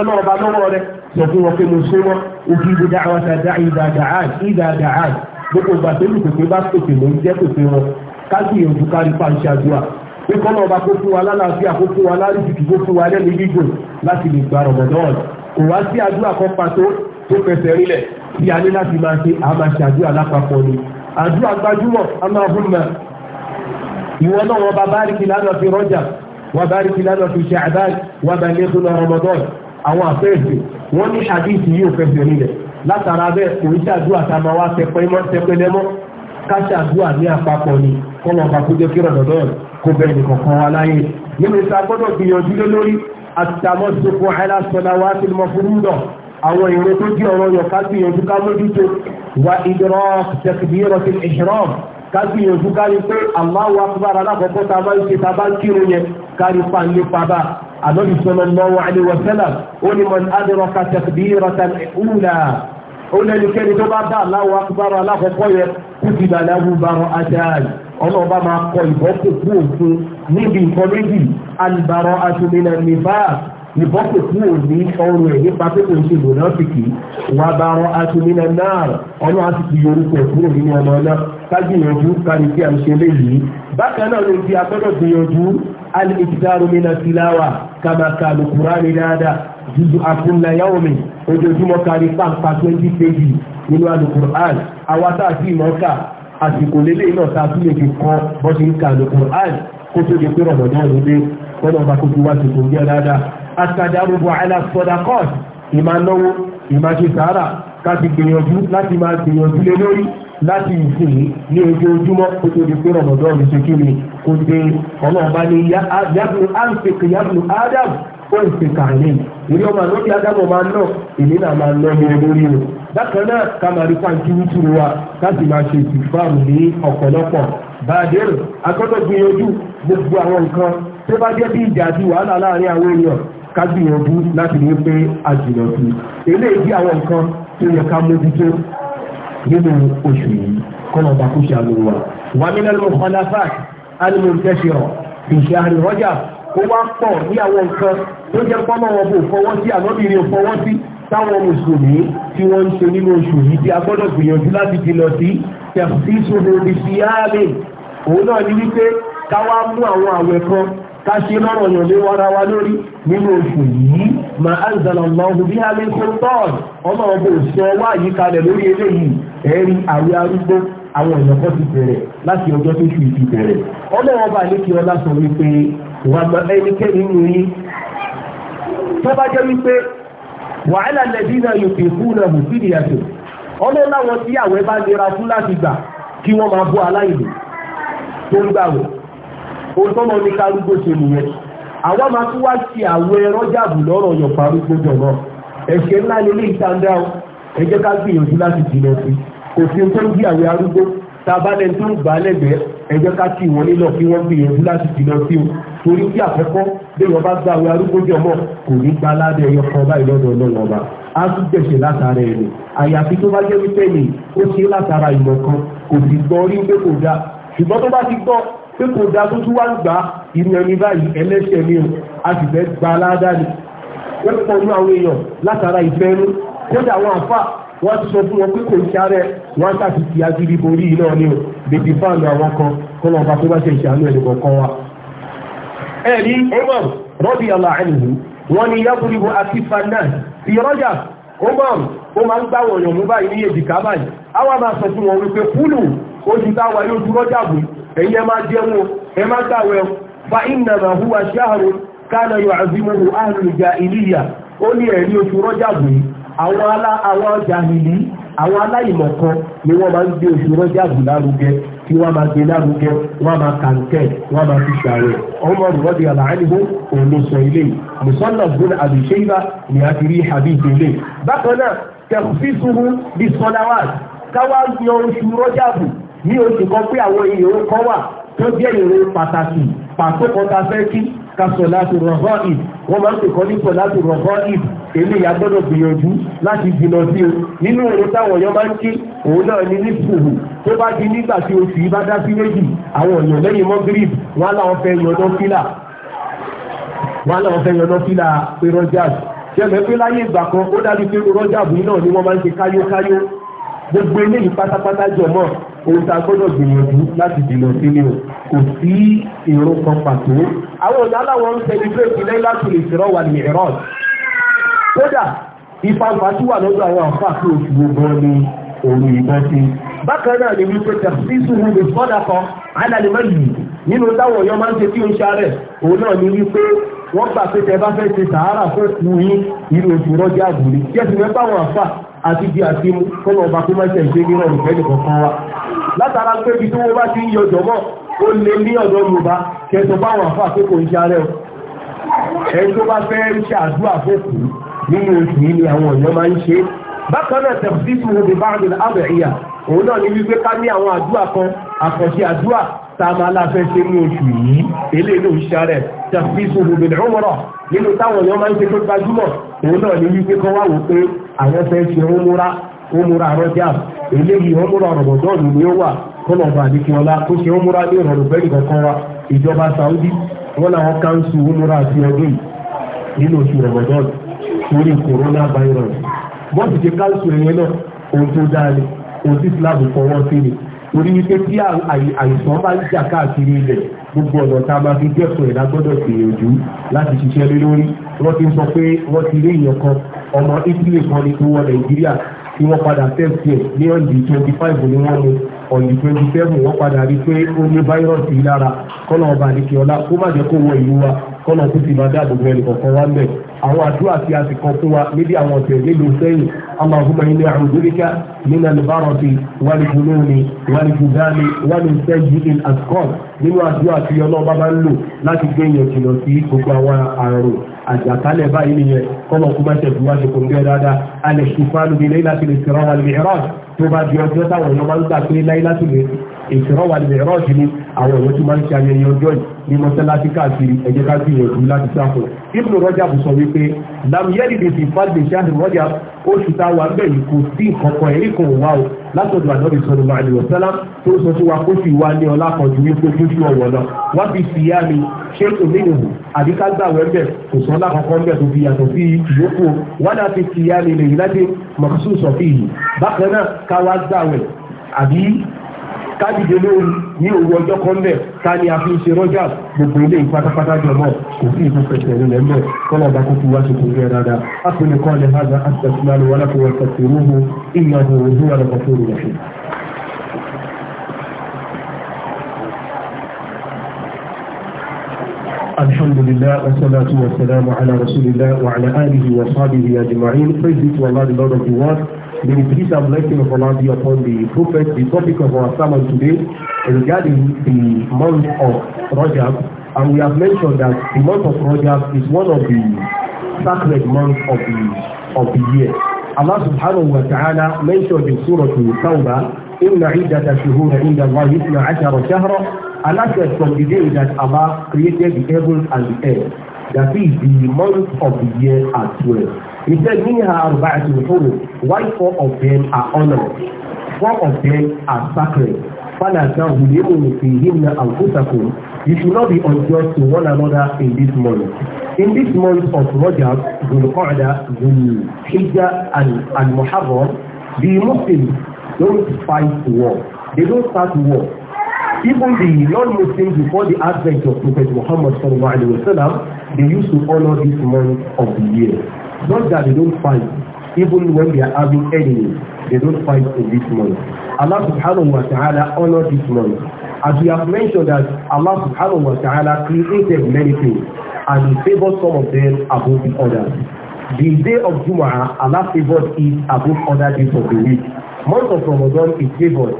ọlọ́ọ̀bá lọ́wọ́ rẹ sọ fún wọn pé mo súnmọ́ ojú ibi dáhùn àtàdá ìdàdàán ìdàdàán gbogbo ìgbà tó lù pèpè bá pèpè ló jẹ́ pèpè wọn káṣíyànjú kárí pàṣẹ àdúrà pé kọ́nà ọba kó fún wa lálàáfíà kó fún wa lárìsìkì kó fún wa lẹ́nu gígùn láti lè gba rọ̀mọ̀dọ́ọ̀nù ìwọ náà wọn bá báríkì lánàá fi rọ́jà wọn báríkì lánàá fi ṣàbáì wọn bá lẹ́kùn lọ rọmọdọ́n àwọn àfẹ́ẹ̀sì wọ́n ní hadith yóò fẹsẹ̀ nílẹ̀ látara bẹ́ẹ̀ kò ń ṣàdúrà tá a máa wá tẹpẹ́lẹ́mọ́ ká ṣàdúrà ní àpapọ̀ ni kọ́nà ọba kó jẹ́ kí rọ̀dọ̀dọ̀ kó bẹ̀rẹ̀ nìkọ̀kan wa láyé nínú ìta gbọ́dọ̀ gbìyànjú lé lórí àtàmọ́sọ̀kọ̀ aláṣọlá kágbìyànjú kárí pé Allahu akbar alákọ̀ọ́kọ́ ta bá ń ṣe ta bá ń kírun yẹn kárí pa ní pàbá ànábì sallallahu alaihi wasallam ó ní man adraka takbiratan ula ó lẹ́nikẹ́ni tó bá bá Allahu akbar alákọ̀ọ́kọ́ yẹn kutiba lahu bara'atan ọmọ ọba máa kọ ìbọ́kùnkú òfin níbi nǹkan méjì al-bara'atu minan nifaq ìbọ́kù ọrùn ẹ̀ nípa pé kò ń ṣe lòdọ́sìkì wà bá rọ aṣọ nínú náà ọlọ́run á sì ti yorùkọ̀ kúrò nínú ọmọ náà kájìyànjú kárí tí a ń ṣe léyìí bákan náà ló fi agbọ́dọ̀ gbìyànjú alìkìdáró mi náà síláwà kàmàkà lùkùrá mi dáadáa jùlọ àkúnláyàwó mi ojoojúmọ́ kárí pàǹpà twenty kg nínú alùkùrán àwa tá a sì mọ́ ká àsìkò lélẹ́yìn náà tá a sì lè fi kọ́ bọ́ sí ń ka alùkùrán kó tó di pé rọ̀mọ̀dán gbìyànjú láti máa gbìyànjú lé lórí láti ìsìn ní ojoojúmọ́ kó tó di pé rọ̀mọ̀dọ́ mi ṣe kí ni kó dé ọlọ́run bá ní yàgùn áǹfẹ̀kì yàgùn ádàm ó ń ṣe kàlẹ́ ìrí ọmọ àlọ́bí ádámù máa ń nọ èmi náà máa ń nọ ní olórí e o bákan náà ká máa rí pàǹtí wútúrú wa láti máa ṣe ìfàmù ní ọ̀pọ̀lọpọ̀ bàdéèrè akọ́tọ̀ gbìyànjú gbogbo àwọn nǹkan tó bá jẹ́ bí ìjà àti wàhálà láàárín àwọn èèyàn ká gbìyànjú láti rí pé àjùlọ̀ sí eléyìí àwọn nǹkan tó yẹ ká mójútó nínú oṣù yìí kọ́nà ọba kó ṣe àlùwò wa. wà mí lẹ́nu mukhalafat al-muntashira fi shahr Rajab ó wá pọ̀ ní àwọn nǹkan tó jẹ́ pọ́nmọ́ wọn kò fọwọ́ sí àlọ́bìnrin fọwọ́ sí táwọn mùsùlùmí tí wọ́n ń ṣe nínú oṣù yìí tí a gbọ́dọ̀ gbìyànjú láti jìnà sí tẹ̀síṣòro ìfìyàmì òun náà ní wípé káwá mú àwọn àwẹ̀ kan káṣí lọ́rọ̀ yàn lé wára wa lórí nínú oṣù yìí ma anzalallahu biha min sultan ọmọ ọgbọ òṣìṣẹ wá yìí kalẹ̀ lórí eléyìí ẹ̀rí àwẹ̀ arúgbó àwọn èèyàn kan ti bẹ̀rẹ̀ láti ọjọ́ tó ṣù ìdí bẹ̀rẹ̀ ọmọ wọn bá ní kí ọlá sọ wípé wà á ẹnikẹ́ni nù yín tó bá jẹ́ wípé wàhálà lẹ́bí náà yóò fi fún náà mú sí ọmọ láwọn tí àwẹ̀ bá nira fún láti gbà kí wọ́n máa bọ́ aláìlú tó ń gbàwẹ̀ ohun tó lọ ní kárúgbó ṣe nìyẹn àwa máa tún wá ti àwọn ẹran jáàbù lọ́rọ̀ yọ̀pá arúgbó jọ náà ẹ̀ṣẹ̀ ńlá ni ilé ìtàndá o ẹ jẹ́ ká gbìyànjú láti jìnà sí kò sí ohun tó a bá lẹ́ni tó ń gbà á lẹ́gbẹ̀ẹ́ ẹ jẹ́ ká tì wọ́n nílọ kí wọ́n gbìyànjú láti jìnà o torí bí àkọ́kọ́ bí wọ́n bá gba àwọn arúgbó jọ mọ́ kò ní gba aládẹ́ ẹyọ kan báyìí lọ́dọ̀ ọlọ́run ọba a tún gbẹ̀ṣẹ̀ látara ẹ̀rù àyàfi tó bá jẹ́ wípé ni ó ṣe látara ìmọ̀ kan kò sì gbọ́ rí pé kò dáa ṣùgbọ́n tó bá ti gbọ́ pé kò dá tó tún wá gbà ìrìn ẹni báyìí ẹlẹ́ṣẹ̀ mi o a sì fẹ́ gba aládá ni wọ́n pọ̀ ní àwọn èèyàn látara ìfẹ́ nú kódà àwọn àfà wọ́n ti sọ fún wọn pé kò ṣàárẹ̀ wọ́n ṣàti ti agiri borí iná ni o bèbí fáànù àwọn kan kó lọ́ba tó bá ṣe ìṣàánú ẹ̀ nìkan kan wa. ẹ̀rí Umar rọ́bì aláàánìhù wọ́n ní yábùrìbù àti fanáà ti rọ́jà Umar ó máa ń gbá wọ̀nyàn mú báyìí ní èjìká báyìí àwọn àbá sọ fún wọn wípé kúlù oṣù táwa yóò dúró jáàbù èyí ẹ máa jẹun ẹ máa gbàwẹ̀ fa innama huwa shahrun kana yu'azzimuhu ahlul jahiliyya ó ní ẹ̀rí oṣù rọ́jàbù àwọn alá àwọn jàhìlì àwọn aláìmọ̀kan ni wọ́n máa ń gbé oṣù rọ́jàbù lárugẹ tí wọ́n máa gbé lárugẹ wọ́n máa kàǹkẹ́ wọ́n máa fi ṣàrẹ̀ ọmọ rọ̀dì àlàáníhó òun sọ ilé mùsọ́nà káwá yan oṣù rọ́jàbù ní oṣù kan pé àwọn ìyòrò kan wà tó jẹ́ ìrò pàtàkì pàtó kan ta fẹ́ kí kasọ̀ láti rọ̀họ́ ìd wọ́n máa ń pè kọ́ nípò láti rọ̀họ́ ìd èmi ìyá gbọ́dọ̀ gbìyànjú láti jìnà sí o nínú òun táwọn èèyàn máa ń kí òun náà ní ní sùúrù tó bá di nígbà tí oṣù yìí bá dá sí méjì àwọn èèyàn lẹ́yìn mọ́gírìb wọn láwọn fẹ́ yọdọ́ fílà wọn láwọn fẹ́ yọdọ́ fílà pé rọ́jàs jẹ́mẹ̀ pé láyé ìgbà kan ó dájú pé rọ́jàbù náà ni wọ́n máa ń ṣe káyókáyó gbogbo eléyìí pátápátá jọmọ́ ohun tá a gbọ́dọ̀ gbìyànjú láti dìlọ sí o kò sí ìrun kan pàtó. àwọn ọ̀nà aláwọ̀ ń sẹ́lẹ̀bírẹ̀tì láìláṣù lè ṣèrọ̀ wà ní ẹ̀rọ. kódà ìfàǹfà tí wà lọ́dọ̀ àwọn àǹfà tí oṣù gbogbo ni òru ìbọn ti. bákan náà ni wípé tẹ̀síṣù wọn lè fọ́dà kan alálẹ́mọ́ yìí nínú táwọn ọ̀yọ́ máa ń ṣe kí o ṣàrẹ̀ òun náà ni wípé wọ́n gbà pé tẹ bá fẹ́ ṣe sàárà fún òkú yín nínú oṣù rọ́jà àbúrí. jẹ́sìn mẹ́fà wọn àǹfà àti bí àti mú kọ́nà ọba kó máa tẹ̀sí ní ọ̀rùn fẹ́ nìkan kan wa látara pé ibi tí wọ́n bá ti ń yọjọ́ mọ́ ó lè ní ọ̀dọ́ yorùbá kẹsàn bá wọn àfáà pé kò ń ṣarẹ́ o ẹni tó bá fẹ́ ń ṣàdúrà fòkù nínú oṣù yìí ni àwọn èèyàn máa ń ṣe bákan náà tẹ̀sí tí mo fi bá àgbẹ̀ àbẹ̀ríyà òun náà ní wípé ká ní àwọn àdúrà kan àkànṣe àdúrà tá a máa láfẹ́ ṣe ní oṣù yìí eléyìí ló ń ṣarẹ́ tẹ̀sí tí mo fi bẹ̀rẹ̀ ọmọ náà nínú táwọn èèyàn máa ń ṣe tó gbajúmọ̀ òun náà ní wípé kọ́ wá wò pé àwọn fẹ́ ṣe ọmúra ọmúra rọ́jà eléyìí ọmúra rọ̀mọ̀dọ́ọ̀nù ni ó wà kọ́lọ̀bà àdékíọlá tó ṣe ọmúra ní ìrọ̀rùn bẹ́ẹ̀ kankan wa ìjọba Saudi wọn làwọn káńsù ọmúra àti ọdún nínú oṣù rọ̀mọ̀dọ́ọ̀nù torí corona virus wọ́n ti ṣe káńsù ẹ̀yẹ náà ohun tó dáa ni ohun tí Islam fọwọ́ sí ni torí wípé tí àìsàn bá ń jà káàkiri ilẹ̀ gbogbo ọ̀nà tá a máa fi dẹ́kun ẹ̀ lágbọ́dọ̀ gbìyànjú láti ṣiṣẹ́ lé lórí wọ́n ti sọ pé wọ́n ti rí ìyẹn ọmọ Italy kan ní kí wọ́n Nàìjíríà tí wọ́n padà tẹ́sí ẹ̀ ní ọ̀dì twenty five ni wọ́n mu ọ̀dì twenty seven wọ́n padà rí pé ó ní fáírọ́ọ̀sì lára kọ́nà ọba àdìkì ọlá kó má jẹ́ kó wọ ìlú wa kọ́nà kó sì máa dáàbò bẹ́ẹ̀ nìkọ̀ọ̀kan wá mẹ́ àwọn àdúrà tí a sì kọ fún wa níbi àwọn ọ̀sẹ̀ nílùú sẹ́yìn Allahumma inni a'udhubika nínú alùbárọ̀tì wàlìbùnúni wàlìbùdáni wàlìsẹ́yìí in ascot nínú àdúrà tí ọlọ́ọ̀bá bá ń lò láti gbé èèyàn jìnnà sí gbogbo àwọn àrùn àjàkálẹ̀ báyìí nìyẹn kọ́mọ̀ kú mẹ́sẹ̀ bí wáṣe kò ń gẹ́ dáadáa alẹ́ ṣùfà lóbi lẹ́yìn láti lè ṣèrànwọ́ àlùmí tó bá di ọjọ́ táwọn ọmọ ń gbà pé láyé lè ìṣòro wà ní ẹ̀rọ ìṣìlì àwọn ìwé tí máa ń ṣe ayẹyẹ ọjọ́ yìí ní mọ́sálásí káàkiri ẹ̀jẹ̀ ká gbìyànjú láti sáfò Ibn Rajab sọ wípé lam yẹ́rì bíi fàdé ṣáàdì Rajab oṣù tá a wà bẹ́ẹ̀ yìí kò sí ìkọ̀kọ̀ ẹ̀rí kan wá o látọ̀dọ̀ ànábì sọ̀rọ̀ máa lè wọ̀sálá tó sọ sí wa kó sì wá ní ọlá kan ju wípé ojú ọ̀wọ̀ fi fìyà mi ṣé kò ní kájíde lórí ní òru ọjọ́ kan bẹ̀ ta ni a fi ń ṣe rọ́jà gbogbo ilé ìpátápátá jọ náà kò sí ìfún fẹsẹ̀ rẹ̀ lẹ́mẹ̀ kọ́lá bá kó fi wá ṣùkú rẹ̀ dáadáa a kò lè kọ́ lè ha gba asẹ̀tìmánu wọn láti wọ́n fẹsẹ̀ rúhu ìyá ọ̀hún ojú wa lọ́kọ̀ tó rẹ̀ ṣe. الحمد لله والصلاة والسلام على رسول الله وعلى آله وصحبه أجمعين. Praise be to Allah, May peace and blessing of Allah be upon the Prophet. The topic of our sermon today regarding the month of Rajab. And we have mentioned that the month of Rajab is one of the sacred months of the, of the year. Allah subhanahu wa ta'ala mentioned in Surah Al-Tawbah إن عدة شهور عند الله اثنا عشر شهرا Allah says from the day that Allah created the heavens and the earth that is the month of the year as well He said, have Minha arba'atun hurum, why four of them are honored? Four of them are sacred. see him and anfusakum. You should not be unjust to one another in this month. In this month of Rajab, Dhul-Qa'dah, Dhul-Hijjah, and, and Muharram, the Muslims don't fight war. They don't start war. Even the non-Muslims before the advent of Prophet Muhammad sallallahu alaihi wasallam, they used to honor this month of the year. Not that they don't fight. Even when they are having enemies, they don't fight in this month. Allah subhanahu wa ta'ala honor this month. As we have mentioned that Allah subhanahu wa ta'ala created many things and he favored some of them above the others. The day of Jumu'ah, Allah favored it above other days of the week. Month of Ramadan is favored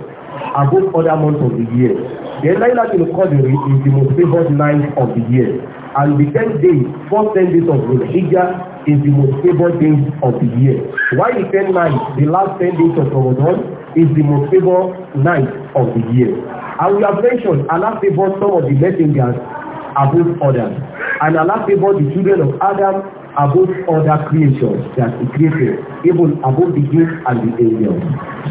above other months of the year. The Laylatul Qadr is the most favored night of the year and the ten days first ten days of Dhul Hijjah is the most favoured days of the year while the ten nights the last ten days of Ramadan is the most favoured night of the year and we have mentioned Allah favoured some of the messengers above others and Allah favoured the children of Adam above other creatures that he created even above the gifts and the angels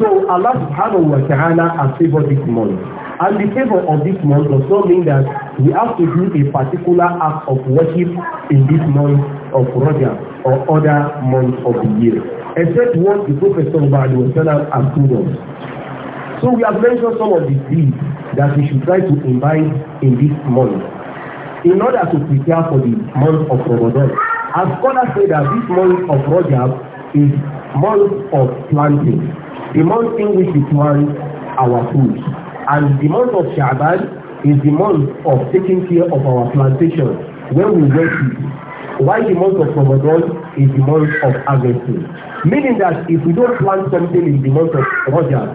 so Allah subhanahu wa ta'ala has favoured this month and the favour of this month does not mean that we have to do a particular act of worship in this month of Rajab or other months of the year, except what the Prophet sallallahu alaihi wasallam has told us. So we have mentioned some of the things that we should try to invite in this month in order to prepare for the month of Ramadan. As scholars say that this month of Rajab is month of planting, the month in which we plant our food, and the month of Sha'ban is the month of taking care of our plantation when we wet it while the month of Ramadan is the month of harvesting meaning that if we don't plant something in the month of Rajab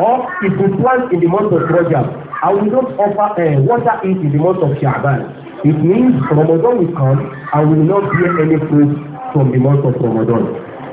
or if we plant in the month of Rajab and we don't offer uh, water it in the month of Sha'ban it means Ramadan will come and we will not bear any fruit from the month of Ramadan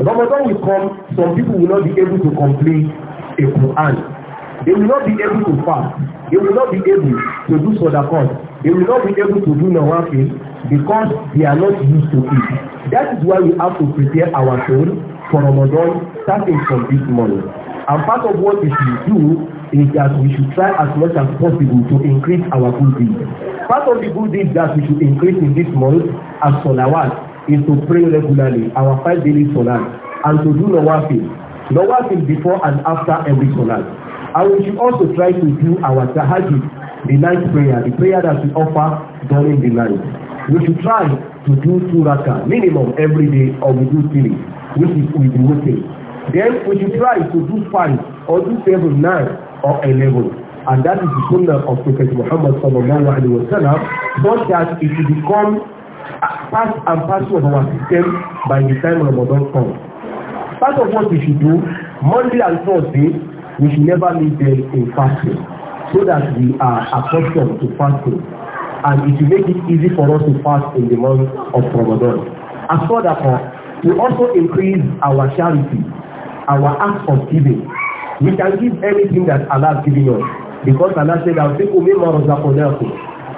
Ramadan will come some people will not be able to complete a Quran They will not be able to fast. They will not be able to do sadaqah. They will not be able to do nawafi because they are not used to it. That is why we have to prepare our soul for Ramadan starting from this morning. And part of what we should do is that we should try as much as possible to increase our good deeds. Part of the good deeds that we should increase in this month as salawat is to pray regularly our five daily solar, and to do nawafi nawafi before and after every solar. And we should also try to do our tahajjud, the night prayer, the prayer that we offer during the night. We should try to do two rakah minimum every day or we do three, which is we do waiting. Then we should try to do five or do seven, nine or eleven. And that is the sunnah of Prophet Muhammad sallallahu alaihi wasallam, such that it should become part and parcel of our system by the time Ramadan comes. Part of what we should do, Monday and Thursday, we should never leave them in fasting so that we are accustomed to fasting and it will make it easy for us to fast in the month of Ramadan. As for that, we also increase our charity, our act of giving. We can give anything that Allah has given us because Allah said, "I'll take away more of that for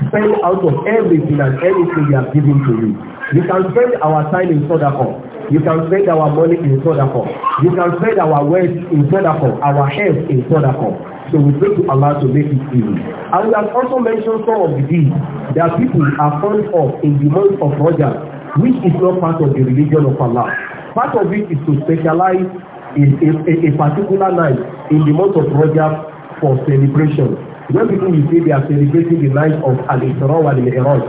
Spend out of everything and anything He has given to you. We can spend our time in Sadaqah. You can spend our money in Sadaqah. You can spend our wealth in Sadaqah, our health in Sadaqah. So we pray to Allah to make it easy. And we have also mentioned some of the deeds that people are fond of in the month of Rajab, which is not part of the religion of Allah. Part of it is to specialize in a, a, a particular night in the month of Rajab for celebration. When people you say they are celebrating the night of Al-Isra wal-Mi'raj.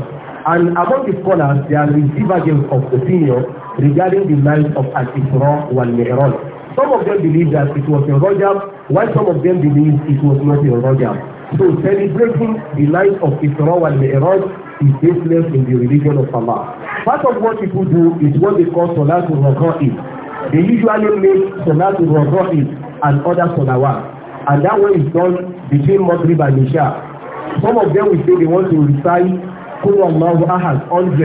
And among the scholars, they are receivers of opinion regarding the night of Al-Isra wal Mi'raj. Some of them believe that it was in Rajab, while some of them believe it was not in Rajab. So celebrating the night of Isra wal Mi'raj is baseless in the religion of Allah. Part of what people do is what they call Salatul Raka'i. They usually make Salatul Raka'i and other salawat. And that one is done between Maghrib and Isha. Some of them will say they want to recite Qul Allahu Ahad 100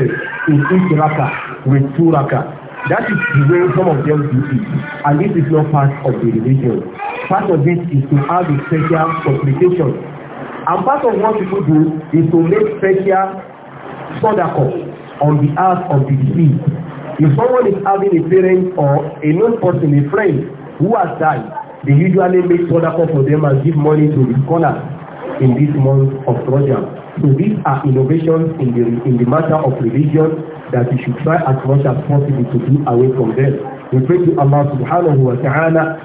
in each rakah with two rakah. That is the way some of them do it. And this is not part of the religion. Part of it is to have a special supplication. And part of what people do is to make special sodako on behalf of the deceased. If someone is having a parent or a known person, a friend who has died, they usually make sodako for them and give money to the scholars in this month of Rajab. So these are innovations in the in the matter of religion that we should try as much as possible to be away from them. We pray to Allah subhanahu wa ta'ala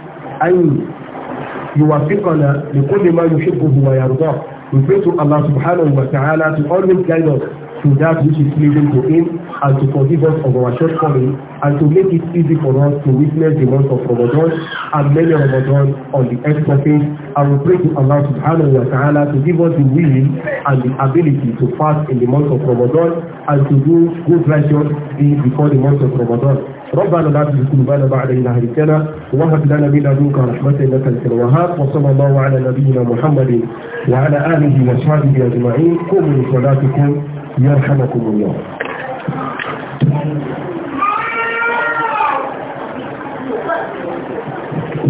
you are man أن يوفقنا لكل ما يحبه ويرضاه. We pray to Allah subhanahu wa ta'ala to always guide us to that which is pleasing to Him and to forgive us of our shortcomings and to make it easy for us to witness the month of Ramadan and many Ramadan on the extra page. and will pray to Allah subhanahu wa ta'ala to give us the will and the ability to fast in the month of Ramadan and to do good righteous deeds before the month of Ramadan. ربنا لا تزغ قلوبنا بعد إذ هديتنا وهب لنا من لدنك رحمة إنك أنت الوهاب وصلى الله على نبينا محمد وعلى آله وصحبه أجمعين قوموا لصلاتكم يرحمكم الله Thank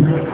you.